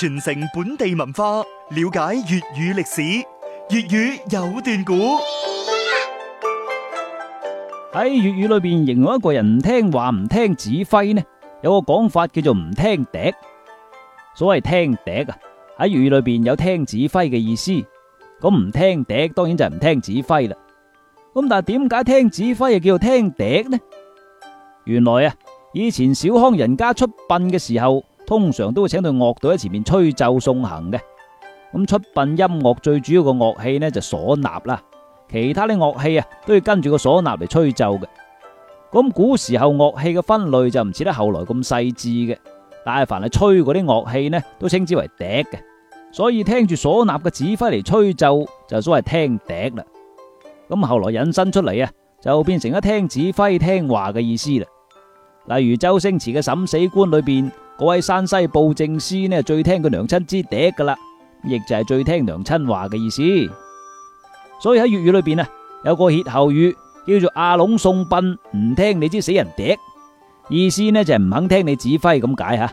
傳承本地文化，了解粵語歷史。粵語有段古，喺粵語裏邊形容一個人唔聽話唔聽指揮呢，有個講法叫做唔聽笛。所謂聽笛啊，喺粵語裏邊有聽指揮嘅意思，咁唔聽笛當然就唔聽指揮啦。咁但係點解聽指揮又叫做聽笛呢？原來啊，以前小康人家出殯嘅時候。通常都會請到樂隊喺前面吹奏送行嘅。咁出殯音樂最主要個樂器呢，就嗩吶啦，其他啲樂器啊都要跟住個嗩吶嚟吹奏嘅。咁古時候樂器嘅分類就唔似得後來咁細致嘅，但係凡係吹嗰啲樂器呢都稱之為笛嘅，所以聽住嗩吶嘅指揮嚟吹奏，就所謂聽笛啦。咁後來引申出嚟啊，就變成咗聽指揮聽話嘅意思啦。例如周星馳嘅《審死官》裏邊。嗰位山西布政司呢，最聽佢娘親支笛噶啦，亦就係最聽娘親話嘅意思。所以喺粵語裏邊啊，有個歇後語叫做阿聾送殯，唔聽你支死人笛，意思呢就係、是、唔肯聽你指揮咁解吓。